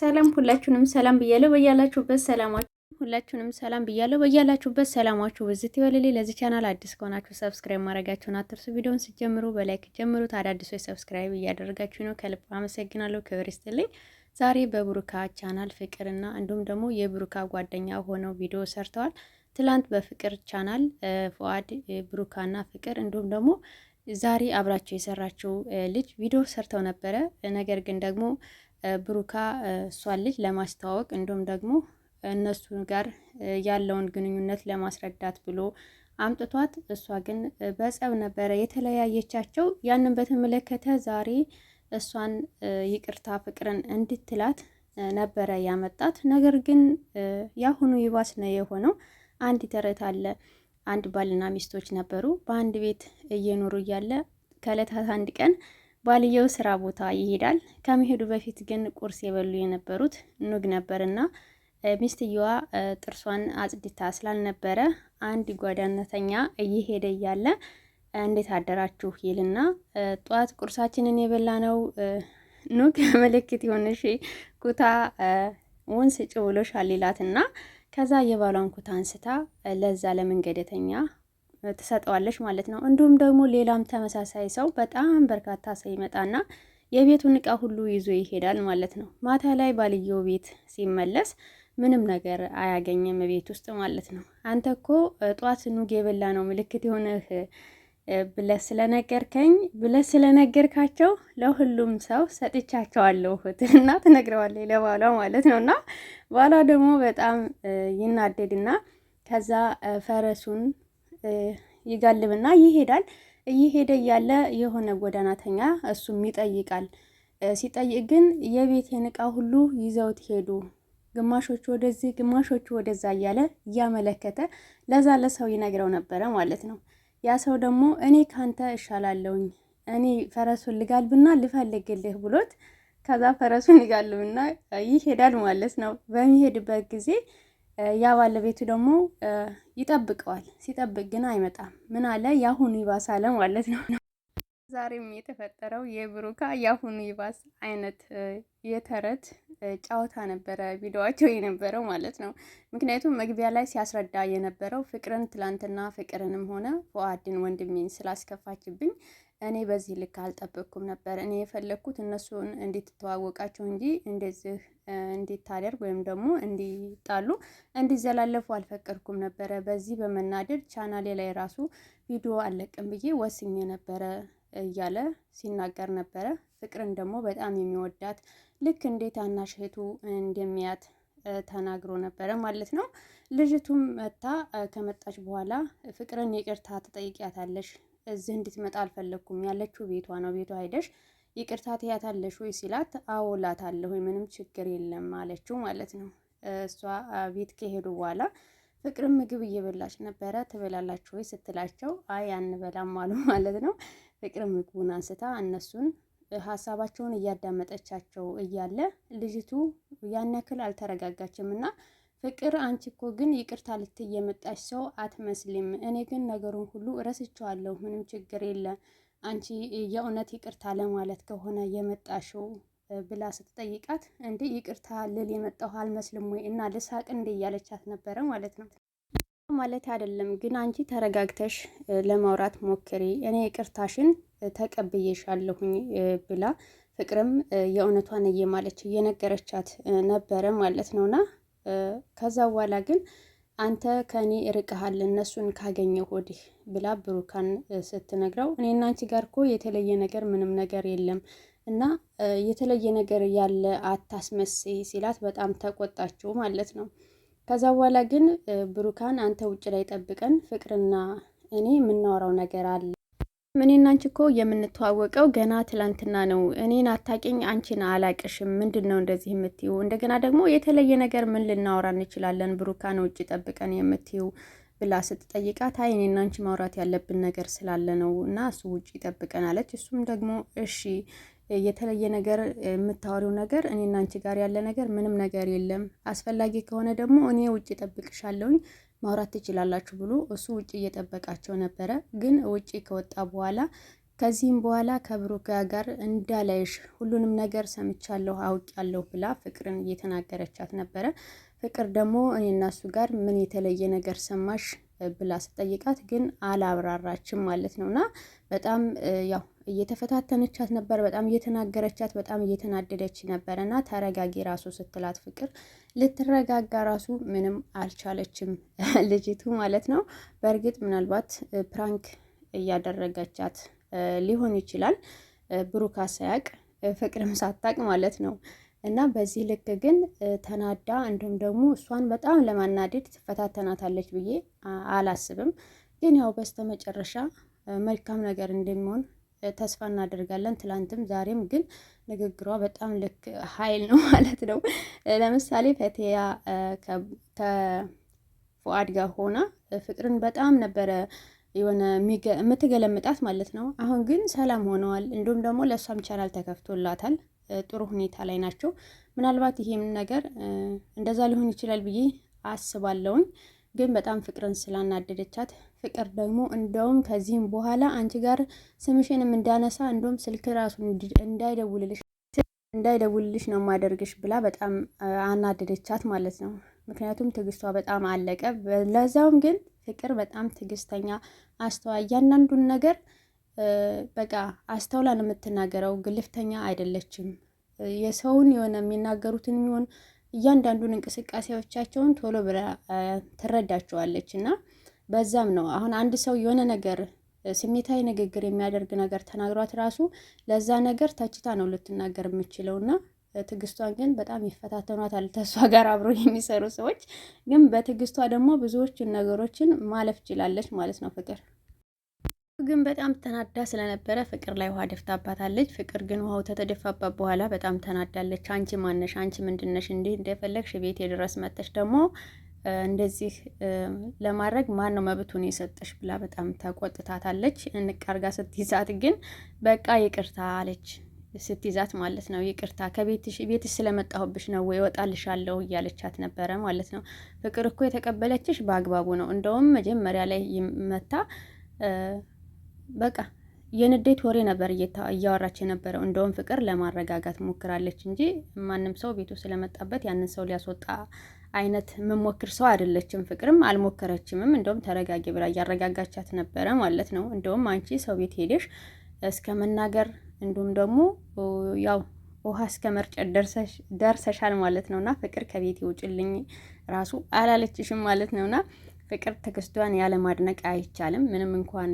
ሰላም ሁላችሁንም ሰላም ብያለሁ። በያላችሁበት ሰላማችሁ ሁላችሁንም ሰላም ብያለሁ። በያላችሁበት ሰላማችሁ ብዝት ይበልልኝ። ለዚህ ቻናል አዲስ ከሆናችሁ ሰብስክራይብ ማድረጋችሁን አትርሱ። ቪዲዮውን ስትጀምሩ በላይክ ጀምሩ። አዳዲሶች ሰብስክራይብ እያደረጋችሁ ነው። ከልብ አመሰግናለሁ። ክብር ይስጥልኝ። ዛሬ በብሩካ ቻናል ፍቅርና እንዲሁም ደግሞ የብሩካ ጓደኛ ሆነው ቪዲዮ ሰርተዋል። ትላንት በፍቅር ቻናል ፉአድ ብሩካና ፍቅር እንዲሁም ደግሞ ዛሬ አብራቸው የሰራችው ልጅ ቪዲዮ ሰርተው ነበረ። ነገር ግን ደግሞ ብሩካ እሷን ልጅ ለማስተዋወቅ እንዲሁም ደግሞ እነሱ ጋር ያለውን ግንኙነት ለማስረዳት ብሎ አምጥቷት፣ እሷ ግን በጸብ ነበረ የተለያየቻቸው። ያንን በተመለከተ ዛሬ እሷን ይቅርታ ፍቅርን እንድትላት ነበረ ያመጣት። ነገር ግን ያሁኑ ይባስ ነው የሆነው። አንድ ተረት አለ አንድ ባልና ሚስቶች ነበሩ። በአንድ ቤት እየኖሩ እያለ ከእለታት አንድ ቀን ባልየው ስራ ቦታ ይሄዳል። ከመሄዱ በፊት ግን ቁርስ የበሉ የነበሩት ኑግ ነበርና ሚስትየዋ ጥርሷን አጽድታ ስላልነበረ አንድ ጓዳነተኛ እየሄደ እያለ እንዴት አደራችሁ ይልና ጠዋት ቁርሳችንን የበላነው ኑግ ምልክት የሆነሽ ኩታ ወንስ ጭውሎሻል ይላትና ከዛ የባሏን ኩታ አንስታ ለዛ ለመንገደተኛ ትሰጠዋለች ማለት ነው። እንዲሁም ደግሞ ሌላም ተመሳሳይ ሰው በጣም በርካታ ሰው ይመጣና የቤቱን እቃ ሁሉ ይዞ ይሄዳል ማለት ነው። ማታ ላይ ባልየው ቤት ሲመለስ ምንም ነገር አያገኝም ቤት ውስጥ ማለት ነው። አንተ እኮ ጠዋት ኑግ የበላ ነው ምልክት የሆነህ ብለ ስለነገርከኝ ብለ ስለነገርካቸው ለሁሉም ሰው ሰጥቻቸዋለሁ እህትና ትነግረዋለች ለባሏ ማለት ነው። እና ባሏ ደግሞ በጣም ይናደድና ከዛ ፈረሱን ይጋልብና ይሄዳል። እየሄደ እያለ የሆነ ጎዳናተኛ እሱም ይጠይቃል። ሲጠይቅ ግን የቤቴን እቃ ሁሉ ይዘውት ሄዱ፣ ግማሾቹ ወደዚህ፣ ግማሾቹ ወደዛ እያለ እያመለከተ ለዛ ለሰው ይነግረው ነበረ ማለት ነው። ያ ሰው ደግሞ እኔ ካንተ እሻላለሁኝ እኔ ፈረሱን ልጋልብና ልፈልግልህ ብሎት ከዛ ፈረሱን ይጋልብና ይሄዳል ማለት ነው። በሚሄድበት ጊዜ ያ ባለቤቱ ደግሞ ይጠብቀዋል። ሲጠብቅ ግን አይመጣም። ምን አለ ያሁኑ ይባሳለ ማለት ነው። ዛሬም የተፈጠረው የብሩካ የአሁኑ ይባስ አይነት የተረት ጨዋታ ነበረ ቪዲዮዋቸው የነበረው ማለት ነው። ምክንያቱም መግቢያ ላይ ሲያስረዳ የነበረው ፍቅርን ትላንትና ፍቅርንም ሆነ ፉአድን ወንድሜን ስላስከፋችብኝ እኔ በዚህ ልክ አልጠበቅኩም ነበር። እኔ የፈለግኩት እነሱን እንዲትተዋወቃቸው እንጂ እንደዚህ እንዲታደርግ ወይም ደግሞ እንዲጣሉ እንዲዘላለፉ አልፈቀድኩም ነበረ። በዚህ በመናደድ ቻናሌ ላይ ራሱ ቪዲዮ አለቅም ብዬ ወስኜ ነበረ እያለ ሲናገር ነበረ። ፍቅርን ደግሞ በጣም የሚወዳት ልክ እንደ ታናሽ እህቱ እንደሚያት ተናግሮ ነበረ ማለት ነው። ልጅቱም መታ ከመጣች በኋላ ፍቅርን ይቅርታ ትጠይቂያታለሽ፣ እዚህ እንድትመጣ አልፈለግኩም ያለችው ቤቷ ነው። ቤቷ ሄደሽ ይቅርታ ትያታለሽ ወይ ሲላት፣ አውላታለሁ ምንም ችግር የለም አለችው ማለት ነው። እሷ ቤት ከሄዱ በኋላ ፍቅርም ምግብ እየበላች ነበረ። ትበላላችሁ ወይ ስትላቸው አይ አንበላም አሉ ማለት ነው። ፍቅር ምግቡን አንስታ እነሱን ሀሳባቸውን እያዳመጠቻቸው እያለ ልጅቱ ያን ያክል አልተረጋጋችም እና ፍቅር አንቺ እኮ ግን ይቅርታ ልትይ የመጣች ሰው አትመስልም። እኔ ግን ነገሩን ሁሉ እረስቸዋለሁ። ምንም ችግር የለም። አንቺ የእውነት ይቅርታ ለማለት ከሆነ የመጣሽው ብላ ስትጠይቃት እንዲህ ይቅርታ ልል የመጣሁ አልመስልም ወይ እና ልሳቅ እንዲህ እያለቻት ነበረ ማለት ነው። ማለት አይደለም ግን አንቺ ተረጋግተሽ ለማውራት ሞክሪ፣ እኔ ይቅርታሽን ተቀብዬሻለሁኝ ብላ ፍቅርም የእውነቷን እየማለች እየነገረቻት ነበረ ማለት ነውና ከዛ በኋላ ግን አንተ ከእኔ ርቀሃል እነሱን ካገኘሁ ወዲህ ብላ ብሩካን ስትነግረው እኔ እና አንቺ ጋር እኮ የተለየ ነገር ምንም ነገር የለም እና የተለየ ነገር ያለ አታስመስ ሲላት በጣም ተቆጣችው ማለት ነው። ከዛ በኋላ ግን ብሩካን አንተ ውጭ ላይ ጠብቀን ፍቅርና እኔ የምናወራው ነገር አለ። እኔና አንቺ እኮ የምንተዋወቀው ገና ትላንትና ነው። እኔን አታቂኝ፣ አንቺን አላቅሽም። ምንድን ነው እንደዚህ የምትይው? እንደገና ደግሞ የተለየ ነገር ምን ልናወራ እንችላለን? ብሩካን ውጭ ጠብቀን የምትይው ብላ ስትጠይቃት አይ እኔና አንቺ ማውራት ያለብን ነገር ስላለ ነው እና እሱ ውጭ ይጠብቀን አለች። እሱም ደግሞ እሺ የተለየ ነገር የምታወሪው ነገር እኔና አንቺ ጋር ያለ ነገር ምንም ነገር የለም። አስፈላጊ ከሆነ ደግሞ እኔ ውጭ ጠብቅሻለሁኝ ማውራት ትችላላችሁ ብሎ እሱ ውጭ እየጠበቃቸው ነበረ። ግን ውጭ ከወጣ በኋላ ከዚህም በኋላ ከብሩክ ጋር እንዳላይሽ ሁሉንም ነገር ሰምቻለሁ አውቃለሁ ብላ ፍቅርን እየተናገረቻት ነበረ። ፍቅር ደግሞ እኔ እሱ ጋር ምን የተለየ ነገር ሰማሽ ብላ ስጠይቃት ግን አላብራራችም ማለት ነው። እና በጣም ያው እየተፈታተነቻት ነበር፣ በጣም እየተናገረቻት፣ በጣም እየተናደደች ነበር። እና ተረጋጊ ራሱ ስትላት ፍቅር ልትረጋጋ ራሱ ምንም አልቻለችም ልጅቱ ማለት ነው። በእርግጥ ምናልባት ፕራንክ እያደረገቻት ሊሆን ይችላል ብሩካ ሳያቅ ፍቅርም ሳታቅ ማለት ነው። እና በዚህ ልክ ግን ተናዳ እንዲሁም ደግሞ እሷን በጣም ለማናደድ ትፈታተናታለች ብዬ አላስብም። ግን ያው በስተመጨረሻ መልካም ነገር እንደሚሆን ተስፋ እናደርጋለን። ትላንትም ዛሬም ግን ንግግሯ በጣም ልክ ኃይል ነው ማለት ነው። ለምሳሌ ፈቴያ ከፉአድ ጋር ሆና ፍቅርን በጣም ነበረ የሆነ የምትገለምጣት ማለት ነው። አሁን ግን ሰላም ሆነዋል። እንዲሁም ደግሞ ለእሷም ቻናል ተከፍቶላታል። ጥሩ ሁኔታ ላይ ናቸው። ምናልባት ይሄም ነገር እንደዛ ሊሆን ይችላል ብዬ አስባለሁኝ። ግን በጣም ፍቅርን ስላናደደቻት ፍቅር ደግሞ እንደውም ከዚህም በኋላ አንቺ ጋር ስምሽንም እንዳነሳ እንደውም ስልክ ራሱ እንዳይደውልልሽ እንዳይደውልልሽ ነው ማደርግሽ ብላ በጣም አናደደቻት ማለት ነው። ምክንያቱም ትዕግስቷ በጣም አለቀ። ለዛውም ግን ፍቅር በጣም ትዕግስተኛ፣ አስተዋይ እያንዳንዱን ነገር በቃ አስተውላ ነው የምትናገረው። ግልፍተኛ አይደለችም። የሰውን የሆነ የሚናገሩትን የሚሆን እያንዳንዱን እንቅስቃሴዎቻቸውን ቶሎ ብላ ትረዳቸዋለች እና በዛም ነው አሁን አንድ ሰው የሆነ ነገር ስሜታዊ ንግግር የሚያደርግ ነገር ተናግሯት ራሱ ለዛ ነገር ተችታ ነው ልትናገር የምችለው እና ትዕግስቷን ግን በጣም ይፈታተኗታል። ተሷ ጋር አብሮ የሚሰሩ ሰዎች ግን በትዕግስቷ ደግሞ ብዙዎችን ነገሮችን ማለፍ ችላለች ማለት ነው ፍቅር ግን በጣም ተናዳ ስለነበረ ፍቅር ላይ ውሃ ደፍታባታለች። ፍቅር ግን ውሃው ተተደፋባት በኋላ በጣም ተናዳለች። አንቺ ማነሽ? አንቺ ምንድነሽ? እንዲህ እንደፈለግሽ ቤት የድረስ መጥተሽ ደግሞ እንደዚህ ለማድረግ ማን ነው መብቱን የሰጠሽ? ብላ በጣም ተቆጥታታለች። እንቃርጋ ስትይዛት ግን በቃ ይቅርታ አለች። ስትይዛት ማለት ነው ይቅርታ ከቤትሽ ስለመጣሁብሽ ነው ወይ እወጣልሻለሁ እያለቻት ነበረ ማለት ነው። ፍቅር እኮ የተቀበለችሽ በአግባቡ ነው። እንደውም መጀመሪያ ላይ መታ በቃ የንዴት ወሬ ነበር እያወራች የነበረው። እንደውም ፍቅር ለማረጋጋት ሞክራለች እንጂ ማንም ሰው ቤቱ ስለመጣበት ያንን ሰው ሊያስወጣ አይነት ምሞክር ሰው አይደለችም። ፍቅርም አልሞከረችምም። እንደውም ተረጋጊ ብላ እያረጋጋቻት ነበረ ማለት ነው። እንደውም አንቺ ሰው ቤት ሄደሽ እስከ መናገር እንዲሁም ደግሞ ያው ውሃ እስከ መርጨት ደርሰሻል ማለት ነውና ፍቅር ከቤት ይውጭልኝ ራሱ አላለችሽም ማለት ነውና ፍቅር ትዕግስቷን ያለማድነቅ አይቻልም። ምንም እንኳን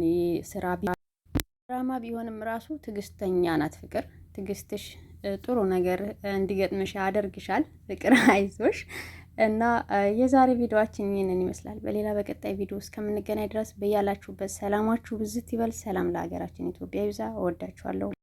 ስራ ድራማ ቢሆንም ራሱ ትዕግስተኛ ናት ፍቅር። ትዕግስትሽ ጥሩ ነገር እንዲገጥምሽ ያደርግሻል። ፍቅር አይዞሽ። እና የዛሬ ቪዲዮችን ይህንን ይመስላል። በሌላ በቀጣይ ቪዲዮ እስከምንገናኝ ድረስ በያላችሁበት ሰላማችሁ ብዝት ይበል። ሰላም ለሀገራችን ኢትዮጵያ ይብዛ። እወዳችኋለሁ።